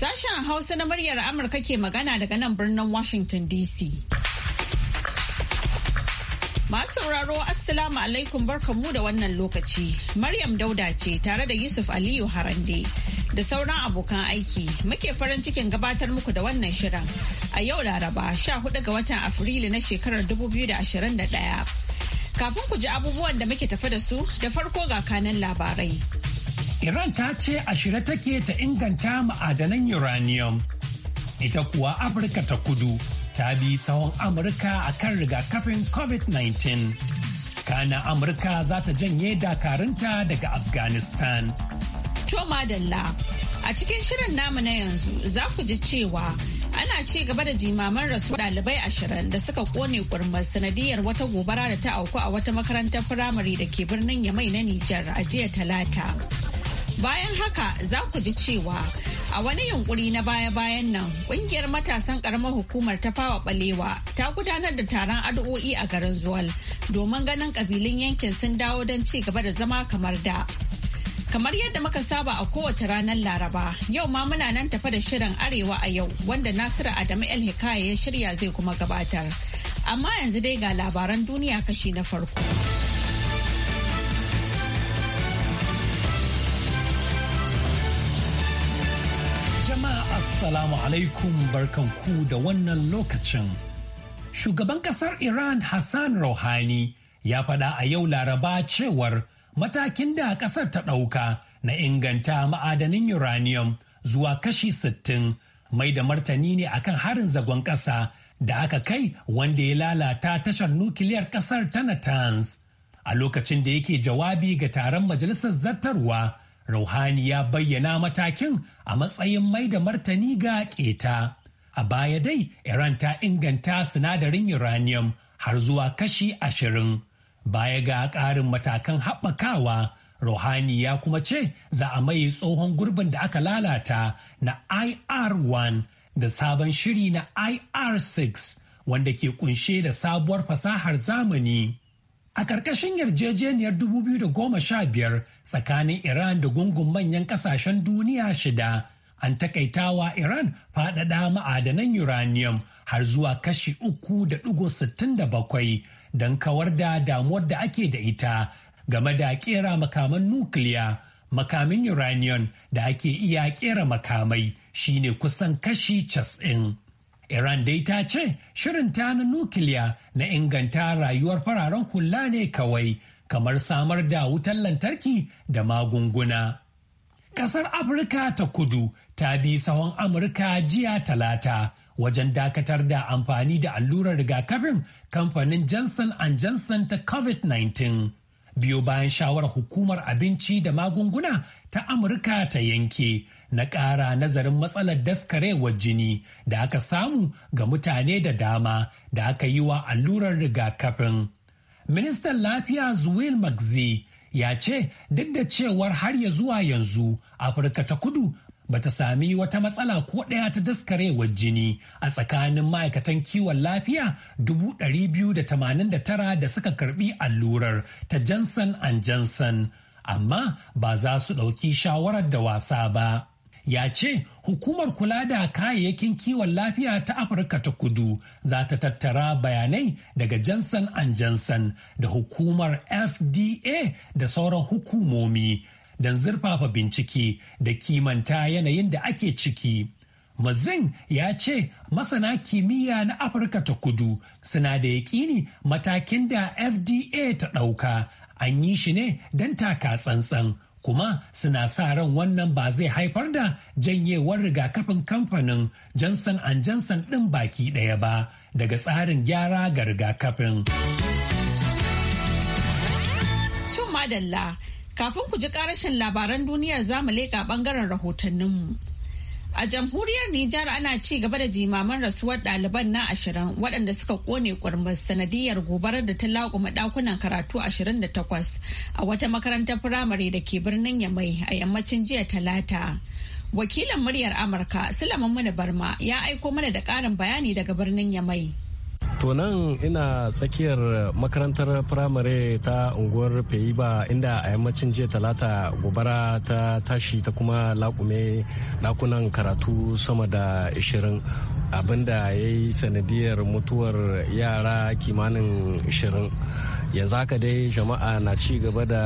Sashen Hausa na muryar Amurka ke magana daga nan birnin Washington DC. Masu sauraro Assalamu alaikum mu da wannan lokaci. Maryam Dauda ce tare da Yusuf Aliyu Harande da sauran abokan aiki muke farin cikin gabatar muku da wannan shirin a yau Laraba 14 ga watan Afrilu na shekarar 2021. Kafin ku ji abubuwan da muke tafe da su da farko ga kanan labarai. Iran ta ce a shirye take ta inganta ma'adanan uranium. Ita kuwa Afirka ta kudu ta bi sahun Amurka a kan rigakafin COVID-19. Kana Amurka za ta janye dakarunta daga Afghanistan. To madalla, a cikin shirin namu na yanzu za ku ji cewa ana ci gaba da jimaman rasu dalibai ashirin da suka kone kurmar sanadiyar wata gobara da ta auku a wata makarantar firamare da ke birnin yamai na Nijar a jiya talata. Bayan haka za ku ji cewa a wani yunkuri na baya-bayan nan kungiyar matasan karamar hukumar ta fawa balewa ta gudanar da taron addu'o'i a garin Zuwal domin ganin ƙabilun yankin sun dawo don ci gaba da zama kamar da. Kamar yadda muka saba a kowace ranar Laraba, yau ma muna nan tafa da shirin Arewa a yau wanda Nasiru Adamu El Hikaya ya shirya zai kuma gabatar. Amma yanzu dai ga labaran duniya kashi na farko. Assalamu alaikum barkanku da wannan lokacin. Shugaban kasar Iran Hassan Rouhani ya faɗa a yau Laraba cewar matakin da ƙasar ta ɗauka na inganta ma'adanin uranium zuwa kashi sittin. mai da martani ne akan harin zagon ƙasa da aka kai wanda ya lalata tashar nukiliyar ƙasar ta Natanz. A lokacin da yake jawabi ga taron majalisar zartarwa Rouhani ya bayyana matakin a matsayin mai da martani ga keta. A baya dai, Iran ta inganta sinadarin uranium har zuwa kashi ashirin. Baya ga ƙarin matakan haɓakawa, Rouhani ya kuma ce za a maye tsohon gurbin da aka lalata na IR-1 da sabon shiri na IR-6 wanda ke kunshe da sabuwar fasahar zamani. A ƙarƙashin yarjejeniyar 2015 tsakanin Iran da gungun manyan ƙasashen duniya shida, an takaitawa Iran faɗaɗa ma'adanan uranium har zuwa kashi 3.67 don kawar da damuwar da ake da ita game da ƙera makaman nukiliya. Makamin uranium da ake iya ƙera makamai shine kusan kashi 90. Iran dai ta ce shirinta na nukiliya na inganta rayuwar fararen hula ne kawai kamar samar da wutar lantarki da magunguna. Kasar Afirka ta kudu ta bi sahon Amurka jiya talata wajen dakatar da amfani da allurar rigakafin kamfanin Johnson Johnson ta COVID-19. Biyo bayan shawarar hukumar abinci da magunguna ta Amurka ta yanke na ƙara nazarin matsalar daskarewar jini da aka samu ga mutane da dama da aka yi wa allurar rigakafin. Ministan Lafiya Zuwil Magzi ya ce duk da cewar har ya zuwa yanzu Afirka ta kudu bata sami wata matsala ko ɗaya ta daskarewar jini a tsakanin ma'aikatan kiwon lafiya 289 da suka karbi allurar ta Johnson and Johnson. amma ba za su ɗauki shawarar da wasa ba. ya ce hukumar kula da kayayyakin kiwon lafiya ta afirka ta kudu za ta tattara bayanai daga johnson johnson da hukumar fda da sauran hukumomi don zurfafa bincike da kimanta yanayin da ake ciki mazin ya ce masana kimiyya na afirka ta kudu suna da yakini matakin da fda ta ɗauka an yi shi ne don taka tsantsan kuma suna sa ran wannan ba zai haifar da janyewar rigakafin kamfanin Johnson Johnson ɗin baki ɗaya ba daga tsarin gyara ga rigakafin. madalla kafin ku ji karashin labaran duniyar mu leƙa ɓangaren rahotanninmu. A jamhuriyar Nijar ana ci gaba da jimaman rasuwar ɗaliban na ashirin waɗanda suka kone ƙurmus sanadiyar gobarar da ta laƙuma ɗakunan karatu ashirin da takwas. a wata makarantar firamare da ke birnin Yamai a yammacin jiya talata. Wakilin muryar Amurka Sulaiman Muni Barma ya aiko mana da ƙarin bayani daga birnin Yamai. to nan ina tsakiyar makarantar firamare ta unguwar feiba inda a yammacin jiya talata gobara ta tashi ta kuma lakume dakunan karatu sama da 20 abinda ya yi sanadiyar mutuwar yara kimanin 20 yanzu haka dai jama'a na ci gaba da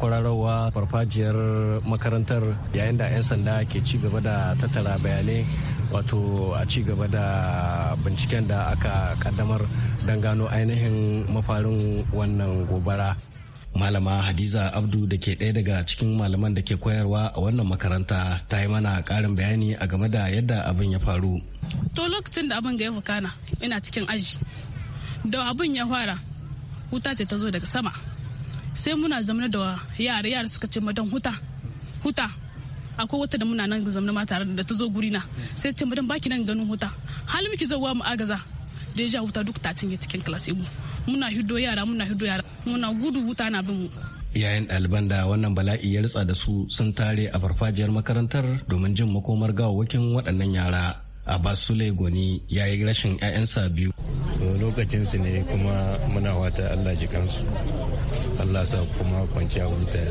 kwararrawa farfajiyar makarantar yayin da 'yan sanda ke ci gaba da tattara bayanai wato a ci gaba da binciken da aka kaddamar don gano ainihin mafarin wannan gobara malama hadiza abdu da ke ɗaya daga cikin malaman da ke koyarwa a wannan makaranta ta yi mana ƙarin bayani a game da yadda abin ya faru to lokacin da abin ga ya fukana ina cikin aji da abin ya fara wuta ce ta zo daga sama sai muna zama da yara yara suka ce madan huta huta akwai wata da muna nan zamna ma tare da ta zo guri na sai ce madan baki nan ganin huta hali muke zo wa mu agaza da ya huta duk ta cinye cikin klasi mu muna hiddo yara muna hiddo yara muna gudu huta na bin mu yayin ɗaliban da wannan bala'i ya ritsa da su sun tare a farfajiyar makarantar domin jin makomar gawawakin waɗannan yara abbas sule goni ya yi rashin 'ya'yansa biyu lokacin su ne kuma muna wata allah jikansu allah sa kuma kwanciya huta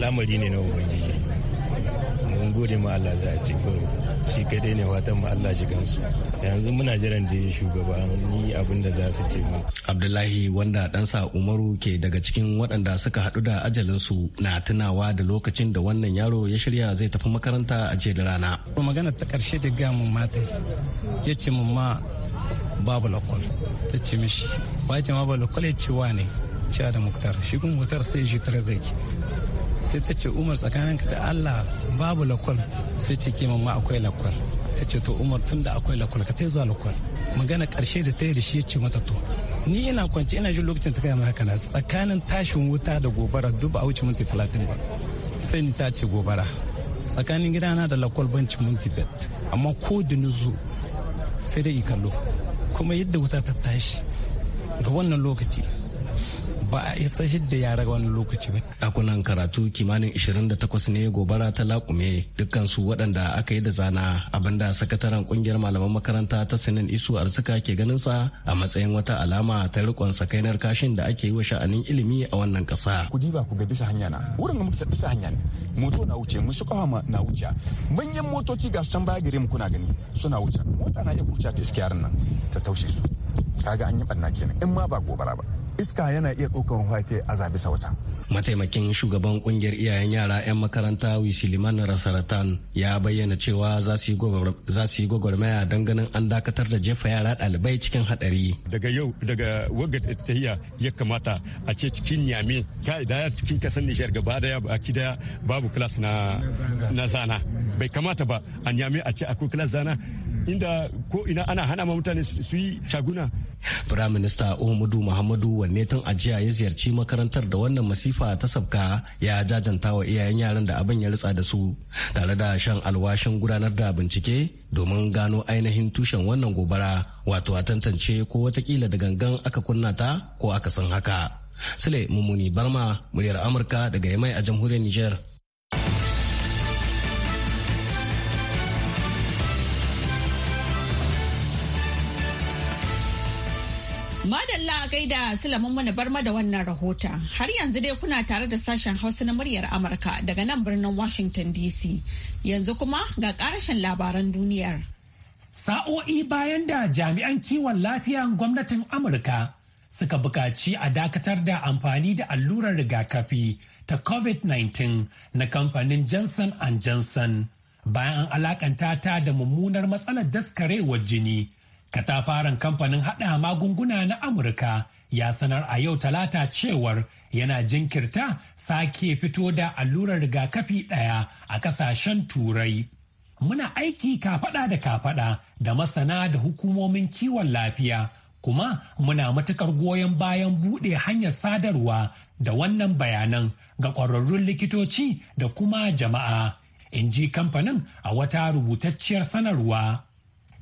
lamari ne na ubangiji mun gode ma Allah za a ce kawai shi kadai ne fatan ma Allah shi gansu yanzu muna jiran da ya ni abin da za su ce mu Abdullahi wanda ɗansa Umaru ke daga cikin waɗanda suka haɗu da ajalinsu na tunawa da lokacin da wannan yaro ya shirya zai tafi makaranta a jiya da rana. Magana ta ƙarshe da gamun matai ya ce mun ma babu lakwal ta ce mishi ba ce ma babu lakwal ya ce wa ne cewa da muktar shi kuma muktar sai shi tare zaki sai ta ce umar tsakaninka da allah babu lakwal sai ce ke mamma akwai lakwal ta ce to umar tun da akwai lakwal ka tai zuwa lakwal magana karshe da ta yi da shi ce mata to ni ina kwance ina jin lokacin ta kai haka na tsakanin tashin wuta da gobara duk a wuce minti talatin ba sai ni ta ce gobara tsakanin gida na da lakwal banci minti bet amma ko da nuzu sai dai kallo kuma yadda wuta ta tashi ga wannan lokaci ba a isa da yara wani lokaci ba. Dakunan karatu kimanin 28 ne gobara ta lakume su waɗanda aka yi da zana abinda sakataren kungiyar malaman makaranta ta Sinin Isu Arzika ke ganin sa a matsayin wata alama ta rikon sakainar kashin da ake yi wa sha'anin ilimi a wannan ƙasa. Ku diba ku ga bisa hanya na wurin mu bisa hanya ne moto na wuce suka hama na wuce manyan motoci ga can baya gare mu kuna gani suna wuce mota na iya wuce ta iske yaran nan ta taushe su kaga an yi ɓanna kenan in ma ba gobara ba iska yana iya ɗaukar wake a zabi sauta. Mataimakin shugaban kungiyar iyayen yara 'yan makaranta Wisiliman Rasaratan ya bayyana cewa za su yi gwagwarmaya don ganin an dakatar da jefa yara ɗalibai cikin haɗari. Daga yau daga wagar tahiya ya kamata a ce cikin yami kai da cikin kasan Nijar gaba daya baki daya babu kilas na zana bai kamata ba a yami a ce akwai kilas zana inda ko ina ana hana ma mutane su yi shaguna. Firaminista Umudu Muhammadu wanne tun ajiya ya ziyarci makarantar da wannan masifa ta sabka ya jajanta wa iyayen yaran da abin ya ritsa da su tare da shan alwashin gudanar da bincike domin gano ainihin tushen wannan gobara wato a tantance ko watakila da gangan aka kunna ta ko aka san haka. Sule Mummuni Barma, muryar Amurka daga Yamai a jamhuriyar Nijar. Madalla a gaida Sulaiman mana barma da wannan rahoton. Har yanzu dai kuna tare da sashen Hausa na muryar Amurka daga nan birnin Washington DC. Yanzu kuma ga ƙarashin labaran duniyar. Sa'o'i bayan da jami'an kiwon lafiya gwamnatin Amurka suka buƙaci a dakatar da amfani da allurar rigakafi ta COVID-19 na kamfanin Johnson Johnson bayan an alakanta ta da mummunar matsalar daskarewar jini Katafaren kamfanin haɗa magunguna na Amurka ya sanar a yau talata cewar yana jinkirta sake fito da allurar rigakafi ɗaya a ƙasashen turai. Muna aiki kafaɗa da kafaɗa da masana da hukumomin kiwon lafiya kuma muna matukar goyon bayan buɗe hanyar sadarwa da wannan bayanan ga ƙwararrun likitoci da kuma jama'a. In ji kamfanin a wata rubutacciyar sanarwa.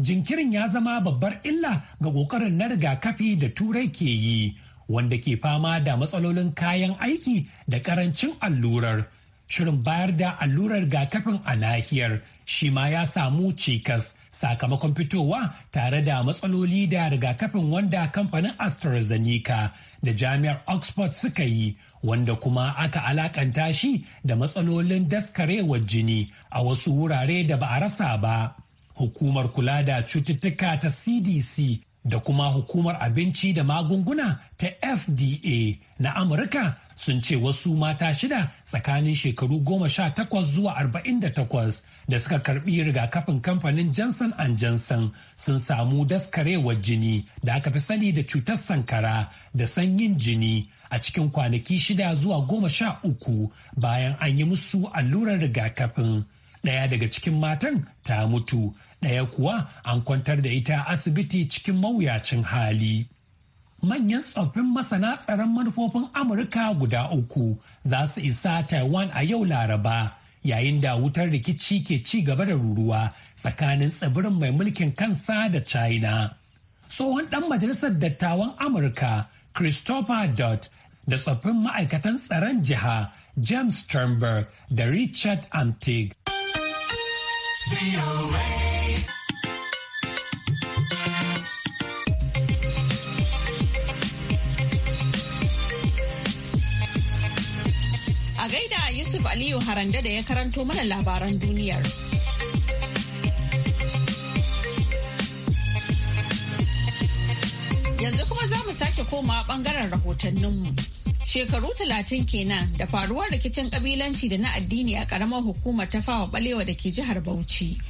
jinkirin ya zama babbar illa ga ƙoƙarin na rigakafi da turai ke yi wanda ke fama da matsalolin kayan aiki da ƙarancin allurar shirin bayar da allurar rigakafin a nahiyar shi ma ya samu cikas sakamakon fitowa tare da matsaloli da rigakafin wanda kamfanin astrazeneca da jami'ar oxford suka yi wanda kuma aka alakanta shi da matsalolin daskarewar jini a wasu wurare da ba a rasa ba hukumar kula da cututtuka ta cdc da kuma hukumar abinci da magunguna ta fda na amurka sun ce wasu mata shida tsakanin shekaru goma sha takwas zuwa arba'in da takwas da suka karbi rigakafin kamfanin johnson and johnson sun samu daskarewar jini da aka fi sani da cutar sankara da sanyin jini a cikin kwanaki shida zuwa goma sha uku bayan an yi musu allurar rigakafin ɗaya daga cikin matan ta mutu ɗaya kuwa an kwantar da ita asibiti cikin mawuyacin hali. manyan tsoffin masana tsaron manufofin amurka guda uku za su isa taiwan a yau laraba yayin da wutar rikici ke ci gaba da ruruwa tsakanin tsibirin mai mulkin kansa da china tsohon ɗan majalisar dattawan amurka christopher Dodd da tsoffin ma'aikatan tsaron jiha james sternberg da richard antig. A gaida Yusuf Aliyu Harande da ya karanto mana labaran duniyar. Yanzu kuma za mu sake koma bangaren rahotanninmu. Shekaru talatin kenan da faruwar rikicin kabilanci da na addini a ƙaramar hukumar ta fawa balewa da ke jihar Bauchi.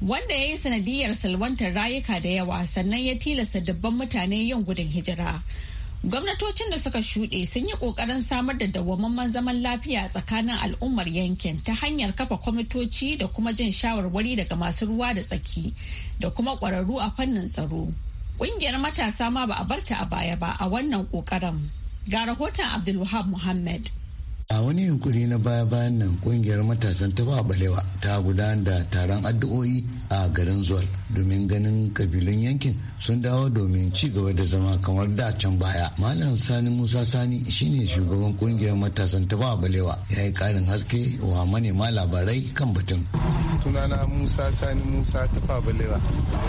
Wanda ya yi sanadiyar salwantar rayuka da yawa sannan ya tilasta dubban mutane yin gudun hijira. Gwamnatocin da suka shuɗe sun yi ƙoƙarin samar da dawwamamman zaman lafiya tsakanin al'ummar yankin ta hanyar kafa kwamitoci da kuma jin shawarwari daga masu ruwa da tsaki da kuma ƙwararru a fannin tsaro. Ƙungiyar matasa ma ba a barta a baya ba a wannan ƙoƙarin. Ga rahoton Abdulwahab Muhammad. a wani yunkuri na baya-bayan nan kungiyar matasan ta ba balewa ta gudanar da taron addu'o'i a garin zuwal domin ganin kabilun yankin sun dawo domin ci gaba da zama kamar da can baya malam sani musa sani shine shugaban kungiyar matasan ta ba balewa ya yi karin haske wa manema labarai kan batun tunana musa sani musa ta ba balewa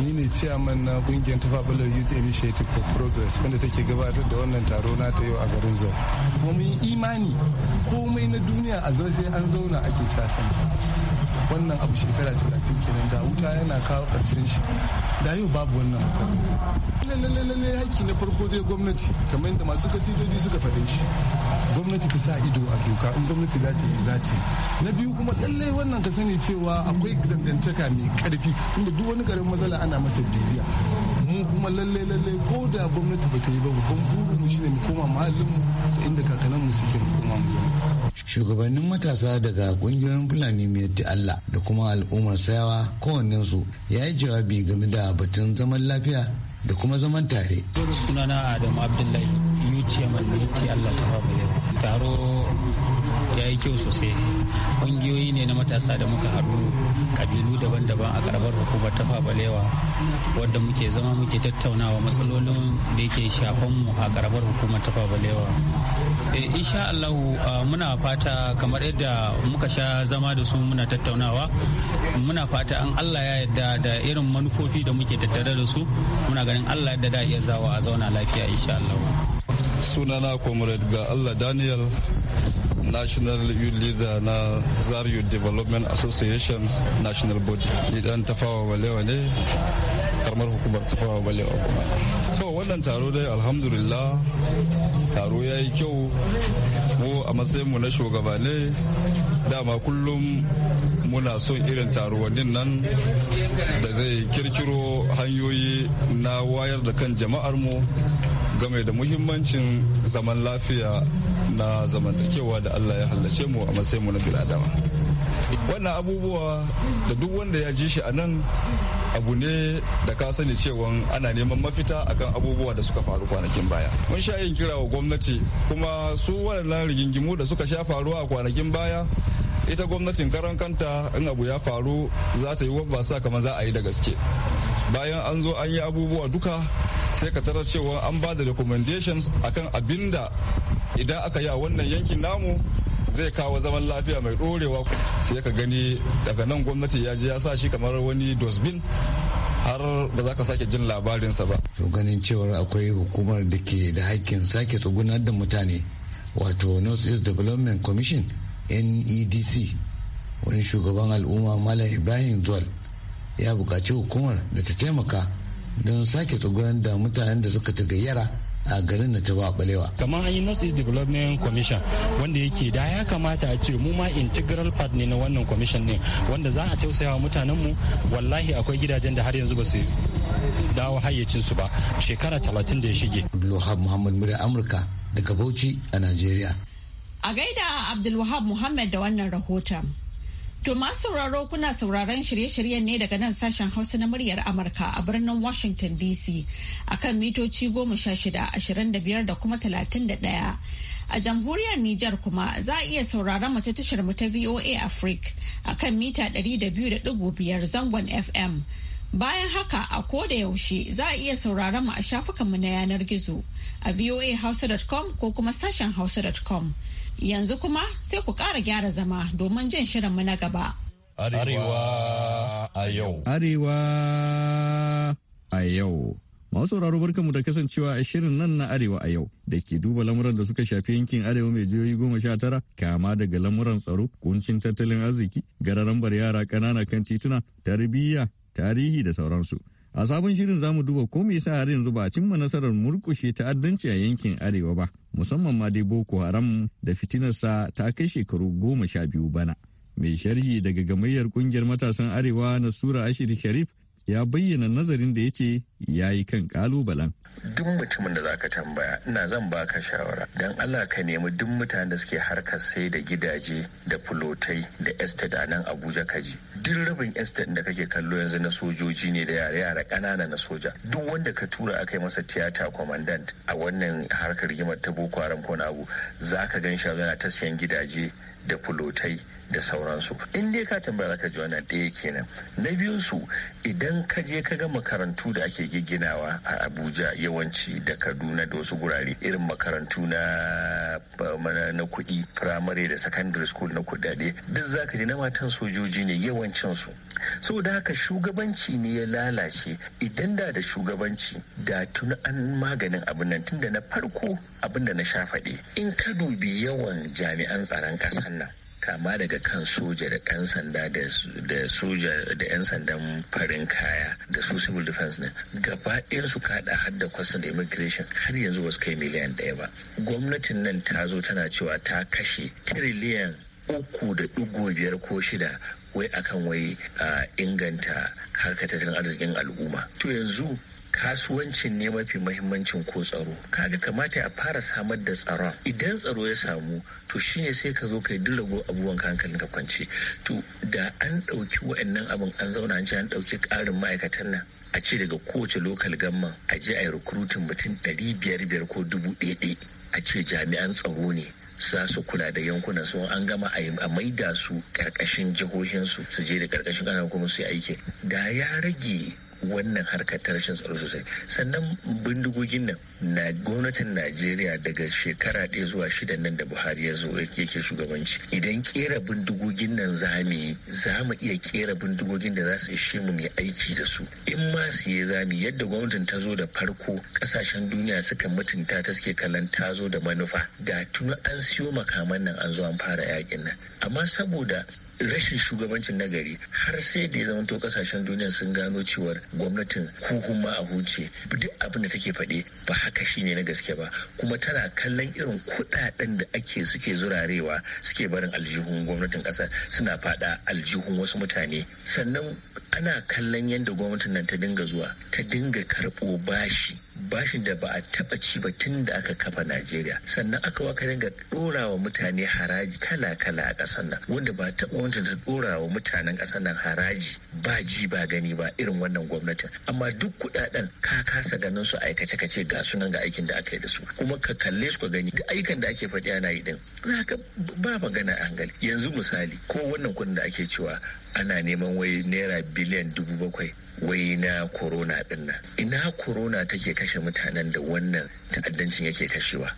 ni ne ciyaman na kungiyar ta ba balewa youth initiative for progress wanda take gabatar da wannan taro na ta yau a garin zuwal mun imani komai na duniya a zai an zauna ake sasanta wannan abu shekara talatin kenan da wuta yana kawo karshen shi da yau babu wannan matsala lalalalai haƙƙi na farko dai gwamnati kamar yadda masu kasidodi suka faɗe shi gwamnati ta sa ido a doka in gwamnati za ta yi za ta yi na biyu kuma lallai wannan ka sani cewa akwai dangantaka mai karfi inda duk wani garin matsala ana masa bibiya kuma lalle lalle ko da gwamnati ba ta yi ba babban burin mu shine mu koma mahallin mu inda kakanan mu suke mu koma mu shugabannin matasa daga kungiyoyin fulani mai Allah da kuma al'ummar sayawa su ya yi jawabi game da batun zaman lafiya da kuma zaman tare sunana adamu abdullahi yuti ne yuti allah ta taro ya yi kyau sosai ƙungiyoyi ne na matasa da muka haɗu kabilu daban-daban a karbar hukumar ta fabalewa wadda muke zama muke tattaunawa matsalolin da yake shafan mu a karbar hukumar ta fabalewa eh, insha allahu muna fata kamar yadda muka sha zama da su muna tattaunawa muna fata an allah ya yadda da irin manufofi da muke tattare da su muna ganin allah yadda da iya zawa a zauna lafiya insha allahu sunana comrade ga allah daniel national youth leader na zar youth development association national body ni dan tafawa walewa ne karmar hukumar tafawa balewa kuma to wannan taro dai alhamdulillah taro ya yi kyau mu a matsayin mu na shugabane dama kullum muna son irin taruwannin nan da zai kirkiro hanyoyi na wayar da kan jama'ar mu game da muhimmancin zaman lafiya na zamantakewa da Allah ya hallace mu a matsayin mu na biladama wannan abubuwa da duk wanda ya ji shi a nan abu ne da ka sani cewa ana neman mafita akan abubuwa da suka faru kwanakin baya mun sha yin kira wa gwamnati kuma su waɗannan rigingimu da suka sha faruwa a kwanakin baya ita gwamnatin karan kanta in abu ya faru za ta yi wabba sa kamar za a yi da gaske bayan an zo an yi abubuwa duka sai ka tarar cewa an ba da recommendations akan abin da idan aka yi a wannan yankin namu zai kawo zaman lafiya mai ɗorewa sai ka gani daga nan gwamnati ya je ya sa shi kamar wani dosbin har ba za ka sake jin labarinsa ba. To ganin cewar akwai hukumar da ke da haƙƙin sake tsugunar da mutane wato North East Development Commission NEDC wani shugaban al'umma Malam Ibrahim Zuwal ya buƙaci hukumar da ta taimaka don sake tsogon da mutanen da suka tagayyara a garin da na taba balewa kamar an yi north east development commission wanda yake da ya kamata a ce mu ma integral part ne na wannan commission ne wanda za a tausaya wa mutanen mu wallahi akwai gidajen da har yanzu ba su dawo hayyacin su ba shekara talatin da ya shige abdulwahab muhammad murya amurka daga bauchi a nigeria a gaida abdulwahab muhammad da wannan rahoton To masu sauraro kuna sauraron shirye-shiryen ne daga nan sashen Hausa na muryar Amurka a birnin Washington DC akan mitoci goma sha shida ashirin da biyar da kuma talatin da ɗaya. A jamhuriyar Nijar kuma za a iya sauraron mu ta tashar mu ta VOA Africa akan mita ɗari da biyu da ɗigo biyar zangon FM. Bayan haka a ko da yaushe za a iya sauraron mu a shafukanmu na yanar gizo. a voahausa.com ko kuma sashen hausa.com. Yanzu kuma sai ku ƙara gyara zama domin jin shirinmu na gaba. Arewa a yau. Arewa a yau. Masu sauraro barkanmu da kasancewa a shirin nan na Arewa a yau da ke duba lamuran da suka shafi yankin Arewa mai jihohi goma sha tara kama daga lamuran tsaro, kuncin tattalin arziki, gararambar yara ƙanana kan tituna, tarbiyya, tarihi da sauransu. A sabon shirin zamu duba ko me yasa har yanzu ba a cimma nasarar murkushe ta'addanci a yankin Arewa ba, musamman ma dai Boko Haram da fitinarsa ta kai shekaru goma sha biyu bana. Mai sharhi daga gamayyar kungiyar matasan Arewa na Sura Ashir Sharif ya bayyana nazarin da yake ya yi kan kalubalen. Duk mutumin da za ka tambaya ina zan baka shawara don Allah ka nemi duk mutanen da suke harkar sai da gidaje da fulotai da estate a nan Abuja kaji. Duk rabin estate da kake kallo yanzu na sojoji ne da yare yara ƙanana na soja. Duk wanda ka tura aka yi masa tiyata commandant a wannan harkar rigimar ta Boko Haram ko na abu zaka gan shi yana ta siyan gidaje da fulotai da sauransu in dai ka tambaya zaka ji wannan ɗaya kenan na biyun su idan ka je ka ga makarantu da ake gigginawa a abuja yawanci da kaduna da wasu gurare irin makarantu na na kuɗi firamare da secondary school na kuɗaɗe duk zaka ji na matan sojoji ne yawancin su saboda haka shugabanci ne ya lalace idan da da shugabanci da tun an maganin abin nan tun da na farko abin da na sha faɗi in ka dubi yawan jami'an tsaron ƙasar nan kama daga kan soja da ɗan sanda da soja da 'yan sandan farin kaya da su civil defense ne gaba su kaɗa har da kwastan da immigration har yanzu wasu kai miliyan ɗaya ba gwamnatin nan ta zo tana cewa ta kashe tiriliyan uku da ɗigo biyar ko shida wai akan wai inganta harkar tattalin arzikin al'umma to yanzu kasuwancin ne mafi mahimmancin ko tsaro kaga kamata a fara samar da tsaron idan tsaro ya samu to shine sai ka zo ka yi dillago abubuwan hankalin ka kwance to da an ɗauki wa'annan abin an zauna an ce an ɗauki ƙarin ma'aikatan nan a ce daga kowace lokal gamman a je a yi rikrutin mutum ɗari biyar biyar ko dubu ɗaya a ce jami'an tsaro ne za su kula da yankunan su an gama a maida su ƙarƙashin jihohinsu su je da ƙarƙashin kanan kuma su yi aiki da ya rage wannan harkar ta rashin tsaro sosai sannan bindigogin nan na gwamnatin najeriya daga shekara ɗaya zuwa shida nan da buhari ya zo yake shugabanci idan kera bindigogin nan za mu yi za mu iya kera bindigogin da za su ishe mu mai aiki da su in ma su yi za mu yadda gwamnatin ta zo da farko kasashen duniya suka mutunta ta suke kallon ta zo da manufa ga tuni an siyo makaman nan an zo an fara yakin nan amma saboda rashin shugabancin nagari har sai da ya zama to kasashen duniya sun gano cewar gwamnatin huhun ma a huce duk abin da take faɗe ba haka shine na gaske ba kuma tana kallon irin kuɗaɗen da ake suke zurarewa suke barin aljihun gwamnatin ƙasa suna faɗa aljihun wasu mutane sannan ana kallon yadda gwamnatin nan ta dinga zuwa ta dinga karɓo bashi bashin da ba a taɓa ci ba tun da aka kafa Najeriya sannan aka waka dinga ɗora wa mutane haraji kala-kala a ƙasar nan wanda ba taɓa wancan ta ɗora wa mutanen ƙasar nan haraji ba ji ba gani ba irin wannan gwamnatin amma duk kuɗaɗen ka kasa ganin su aikace kace ce ga sunan ga aikin da aka yi da su kuma ka kalle su ka gani duk ayyukan da ake faɗi ana yi din za ka ba magana a hankali yanzu misali ko wannan kuɗin da ake cewa ana neman wai naira biliyan dubu bakwai wai na corona din nan ina corona take kashe mutanen da wannan ta'addancin yake kashewa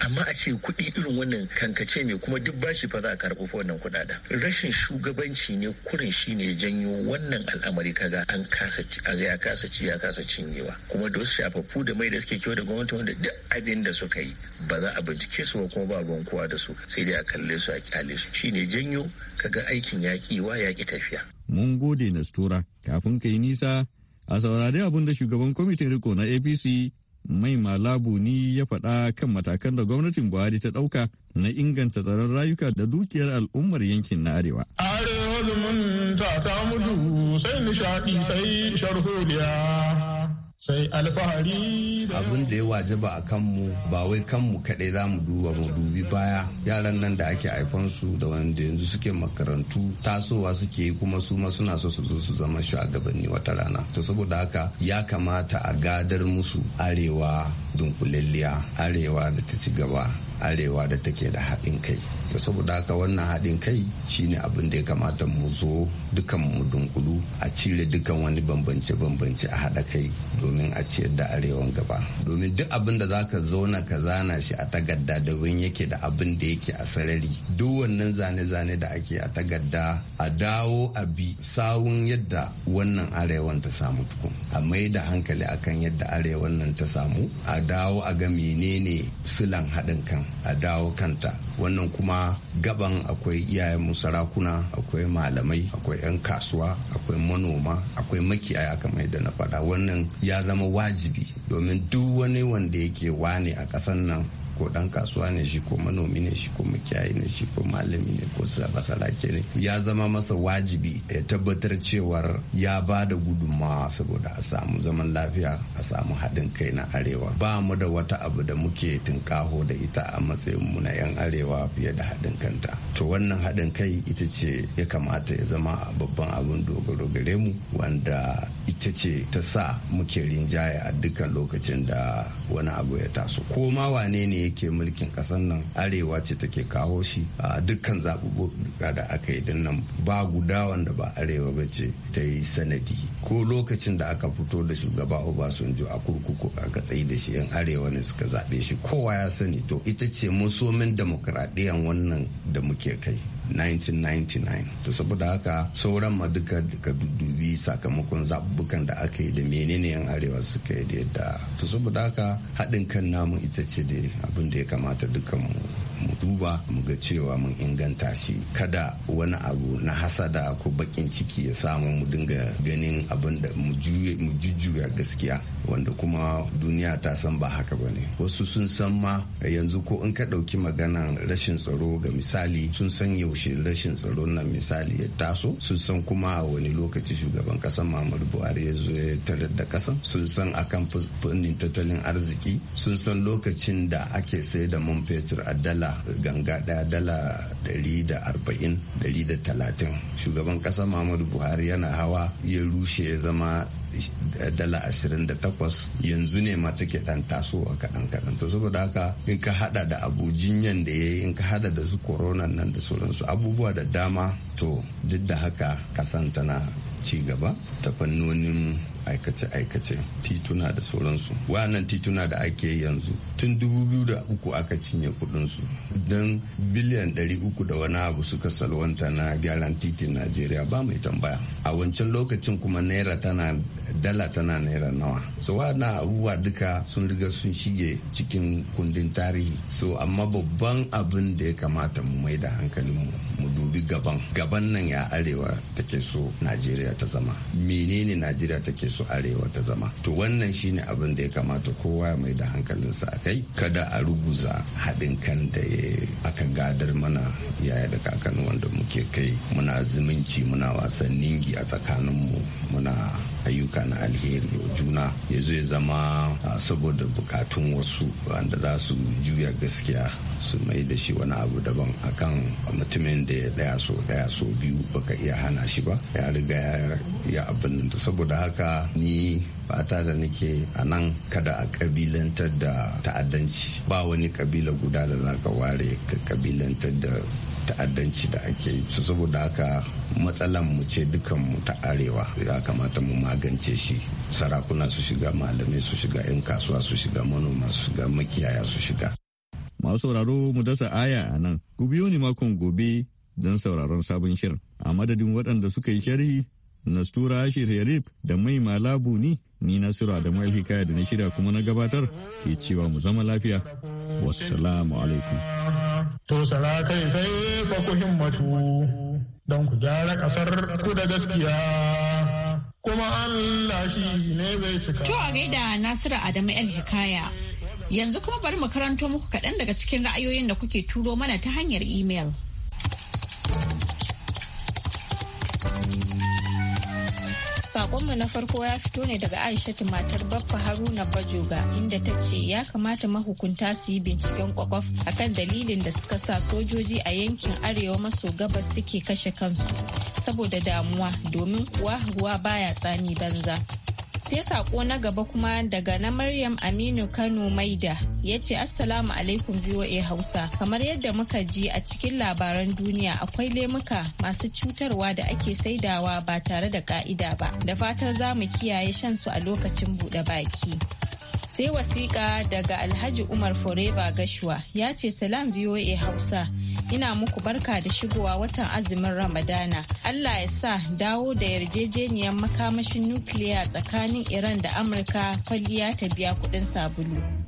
amma a ce kuɗi irin wannan kankace ne kuma duk bashi fa za a karɓi wannan kuɗaɗen rashin shugabanci ne kurin shi ne janyo wannan al'amari kaga an kasa ya kasa ci ya kasa cinyewa kuma da wasu shafaffu da mai da suke kyau da gwamnati wanda duk abin da suka yi ba za a bincike su ba kuma ba ruwan kowa da su sai dai a kalle su a kyale su shine janyo kaga aikin yaƙi wa yaƙi tafiya. mun gode nastura kafin ka yi nisa a saurari abin da shugaban kwamitin riko na apc mai malabu ni ya faɗa kan matakan da gwamnatin buhari ta ɗauka na inganta tsaron rayuka da dukiyar al'ummar yankin na arewa arewa zumunta ta mutu sai nishaɗi sai sharholiya sai alfahari abin da ya wajaba a kanmu ba wai kanmu kaɗai za mu duba mu dubi baya yaran nan da ake su da wanda yanzu suke makarantu tasowa suke yi kuma su ma suna so su zo su zama shugabanni wata rana to saboda haka ya kamata a gadar musu arewa dunkulalliya arewa da ta ci gaba arewa da take da haɗin kai to saboda haka wannan haɗin kai shine abin da ya kamata mu zo dukan mu dunkulu a cire dukan wani bambance-bambance a haɗa kai domin a ciyar da arewan gaba domin duk abin da zaka zauna ka zana shi a tagadda domin yake da abin da yake a sarari duk wannan zane-zane da ake a tagadda a dawo a bi sawun yadda wannan arewan ta samu tukun a mai da hankali akan yadda arewan nan ta samu a dawo a ga menene silan haɗin kan a dawo kanta wannan kuma gaban akwai iyayen sarakuna akwai malamai akwai akwai 'yan kasuwa akwai manoma akwai makiyaya kamar yadda na faɗa wannan ya zama wajibi domin duk wani wanda yake wane a ƙasar nan ko dan kasuwa ne shi ko manomi ne shi ko makiyayi ne shi ko malami ne ko sarake ne ya zama masa wajibi ya tabbatar cewar ya ba da gudunmawa saboda a samu zaman lafiya a samu haɗin kai na arewa ba mu da wata abu da muke tunkaho da ita a matsayin mu na 'yan arewa fiye da haɗin kanta to wannan haɗin kai ita ce ya kamata ya zama babban abin dogaro gare mu wanda ita ce ta sa muke rinjaye a dukkan lokacin da wani abu ya taso ko ma wane ne yake mulkin ƙasar nan arewa ce take kawo shi a dukkan zaɓuɓɓuka da aka yi din nan ba guda wanda ba arewa ba ce ta yi sanadi ko lokacin da aka fito da shugaba obasanjo a kurkuku aka tsayi da shi yan arewa ne suka zaɓe shi kowa ya sani to ita ce musomin demokradiyyar wannan da muke kai 1999 to saboda haka sauran ma duka daga dubi sakamakon zaɓuɓɓukan da aka yi da menene yan arewa suka yi da yadda to saboda haka haɗin kan namu ita ce da abin da ya kamata dukkanmu mu duba mu ga cewa mun inganta shi kada wani abu na hasada ko bakin ciki ya samu mu dinga ganin abin da mu jujjuya gaskiya wanda kuma duniya ta san ba haka ba ne wasu sun san ma yanzu ko in ka ɗauki maganan rashin tsaro ga misali sun san yaushe rashin tsaro na misali ya taso sun san kuma wani lokaci shugaban kasan muhammadu buhari ya zo ya tarar da kasan sun san akan fannin tattalin arziki sun san lokacin da ake sai da man fetur a dala dala ganga daya dala dari da arba'in dari talatin shugaban kasa muhammadu buhari yana hawa ya rushe ya zama dala ashirin da takwas yanzu ne ma take dan tasowa kaɗan kaɗan to saboda haka in ka hada da abu jinyan da ya yi in ka hada da su korona nan da sauransu abubuwa da dama to duk da haka kasan tana ci gaba ta fannonin aikace-aikace tituna da sauransu wannan tituna da ake yanzu tun dubu biyu da uku aka cinye kudinsu don biliyan uku da wani abu suka salwanta na gyaran titin najeriya ba mai tambaya a wancan lokacin kuma naira tana dala tana naira nawa so wannan abubuwa duka sun riga sun shige cikin kundin tarihi so amma babban abin da ya kamata mu mai da hankalinmu dubi gaban gaban nan ya arewa take so najeriya ta zama menene najeriya take so arewa ta zama to wannan shine abin da ya kamata kowa mai da hankalinsa a kai kada a ruguza haɗin kan da aka gadar mana yaya da kakan wanda muke kai muna zumunci muna wasanningi a tsakaninmu muna ayyuka na alheri juna ya zo ya zama saboda bukatun wasu wanda za su juya gaskiya su mai da shi wani abu daban a kan mutumin da ya daya so daya so biyu baka iya hana shi ba ya riga ya abin saboda haka ni fata da nake a nan kada a kabilantar da ta'addanci ba wani kabila guda da za ka ware ka kabilantar da ta'addanci da ake yi su saboda haka matsalan mu ce dukan mu ta arewa ya kamata mu magance shi sarakuna su shiga malamai su shiga 'yan kasuwa su shiga manoma su shiga makiyaya su shiga Masu sauraro mu dasa aya a nan, ku biyo ni makon gobe don sauraron sabon shirin. A madadin waɗanda suka yi sharhi, Nastura Ashir Yarib da Mai Malabu ni, ni sura da Mai Hikaya da na shirya kuma na gabatar, ke cewa mu zama lafiya. Wassalamu alaikum. To sala kai sai fa ku himmatu don ku gyara kasar ku da gaskiya. kuma Allah shi ne bai cika. To a gaida Nasiru Adamu El Hikaya Yanzu kuma bari mu karanto muku kaɗan daga cikin ra'ayoyin da kuke turo mana ta hanyar imel. saƙonmu na farko ya fito ne daga Aishatu matar Baffa Haruna Bajoga inda ta ce ya kamata mahukunta su yi binciken kwakwaf akan dalilin da suka sa sojoji a yankin arewa maso gabas suke kashe kansu saboda damuwa domin kuwa ruwa baya tsami banza. sai sako na gaba kuma daga na maryam aminu kano maida ya ce assalamu alaikum voa hausa kamar yadda muka ji a cikin labaran duniya akwai lemuka masu cutarwa da ake saidawa ba tare da ka'ida ba da fatar za mu kiyaye shan su a lokacin buɗe baki sai wasiƙa daga alhaji umar foreba gashuwa ya ce salam voa hausa ina muku barka da shigowa watan azumin ramadana allah ya sa dawo da yarjejeniyar makamashin nukiliya tsakanin iran da amurka kwalliya ta biya kudin sabulu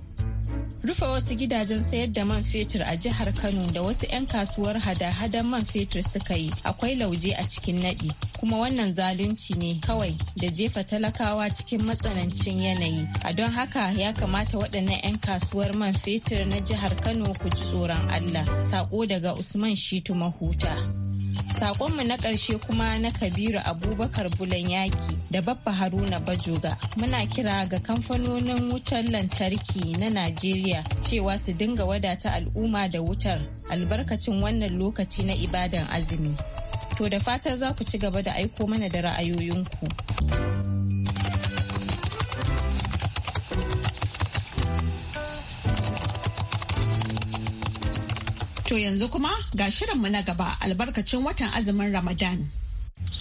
rufe wasu gidajen sayar da man fetur a jihar kano da wasu 'yan kasuwar hada-hadan man fetur suka yi akwai lauje a cikin naɗi kuma wannan zalunci ne kawai da jefa talakawa cikin matsanancin yanayi a don haka ya kamata waɗannan 'yan kasuwar man fetur na jihar kano ku ji tsoron allah sako daga usman shitu mahuta Sakonmu na ƙarshe kuma na Kabiru Abubakar Bulan Yaki da Baffa Haruna Bajoga muna kira ga kamfanonin wutar lantarki na Najeriya cewa su dinga wadata al'umma da wutar albarkacin wannan lokaci na ibadan azumi. To da fatan za ku ci gaba da aiko mana da ra'ayoyinku. To yanzu kuma ga shirin shirinmu na gaba albarkacin watan azumin Ramadan.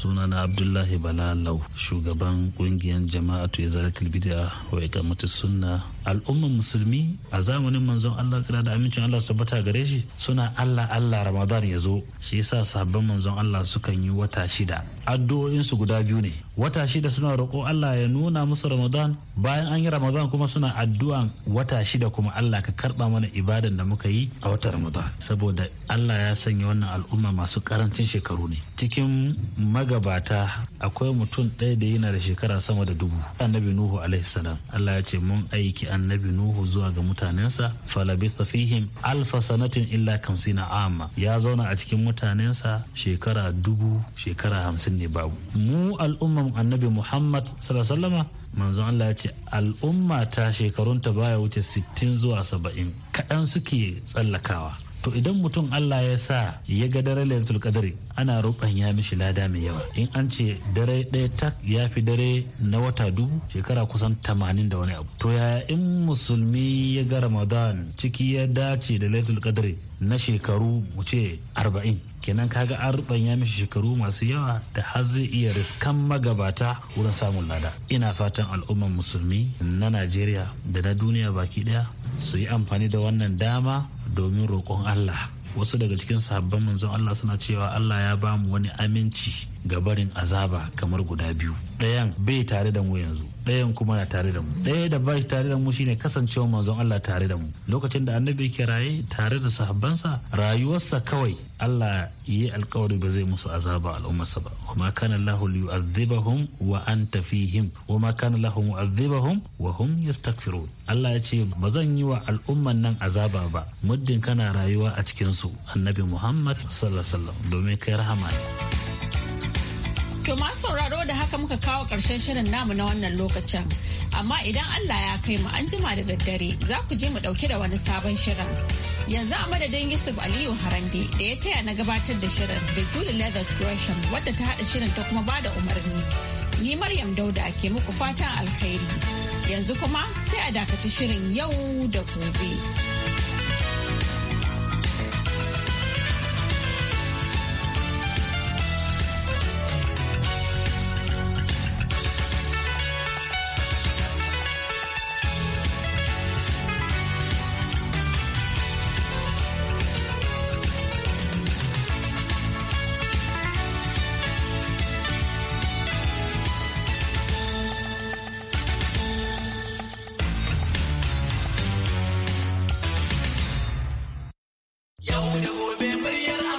sunana abdullahi balalau shugaban kungiyar jama'atu ya zara tilbidiya wa kamata sunna al'ummar musulmi a zamanin manzon allah tsira da amincin allah su tabbata gare shi suna allah allah ramadan ya zo shi yasa sabbin manzon allah sukan yi wata shida addu'o'insu guda biyu ne wata shida suna roƙo Allah ya nuna musu Ramadan bayan an yi Ramadan kuma suna addu'an wata shida kuma Allah ka karɓa mana ibadan da muka yi a watan Ramadan saboda Allah ya sanya wannan al'umma masu karancin shekaru ne cikin magabata akwai mutum ɗaya da yana da shekara sama da dubu annabi Nuhu alaihi salam Allah ya ce mun aiki annabi Nuhu zuwa ga mutanensa falabitha fihim alfa sanatin illa kamsina amma ya zauna a cikin mutanensa shekara dubu shekara hamsin ne babu mu al'umma kan annabi muhammad sallama manzon allah ya ce al'umma ta shekarunta baya wuce 60 zuwa 70 kaɗan suke tsallakawa to idan mutum Allah ya sa ya ga dare lailatul qadri ana ya mishi lada mai yawa in an ce dare ɗaya tak ya fi dare na wata dubu shekara kusan tamanin da wani abu to ya in musulmi ya ga ramadan ciki ya dace da lailatul na shekaru mu ce arba'in kenan kaga an ya mishi shekaru masu yawa da har zai iya riskan magabata wurin samun lada ina fatan al'ummar musulmi na najeriya da na duniya baki ɗaya su yi amfani da wannan dama domin roƙon Allah wasu daga cikin sahabban manzon Allah suna cewa Allah ya ba mu wani aminci ga barin azaba kamar guda biyu ɗayan bai tare da mu yanzu ɗayan kuma na tare da mu ɗaya da ba shi tare da mu shine kasancewa manzon Allah tare da mu lokacin da annabi yake raye tare da sahabbansa rayuwarsa kawai Allah yi alkawari ba zai musu azaba al'ummarsa ba kuma kana Allah yu'adhibahum wa anta fihim wa kana Allah mu'adhibahum wa hum yastaghfirun Allah ya ce ba zan yi wa al'umman nan azaba ba muddin kana rayuwa a cikin su annabi Muhammad sallallahu alaihi wasallam domin kai rahama ne To masu sauraro da haka muka kawo ƙarshen shirin namu na wannan lokacin. Amma idan Allah ya kai mu an jima da daddare za ku je mu ɗauki da wani sabon shirin. Yanzu a madadin Yusuf Aliyu Harande da ya taya na gabatar da shirin da Julie Leathers Gresham wadda ta haɗa shirin ta kuma bada umarni. Ni Maryam Dauda ke muku fatan alkhairi. Yanzu kuma sai a dakaci shirin yau da gobe.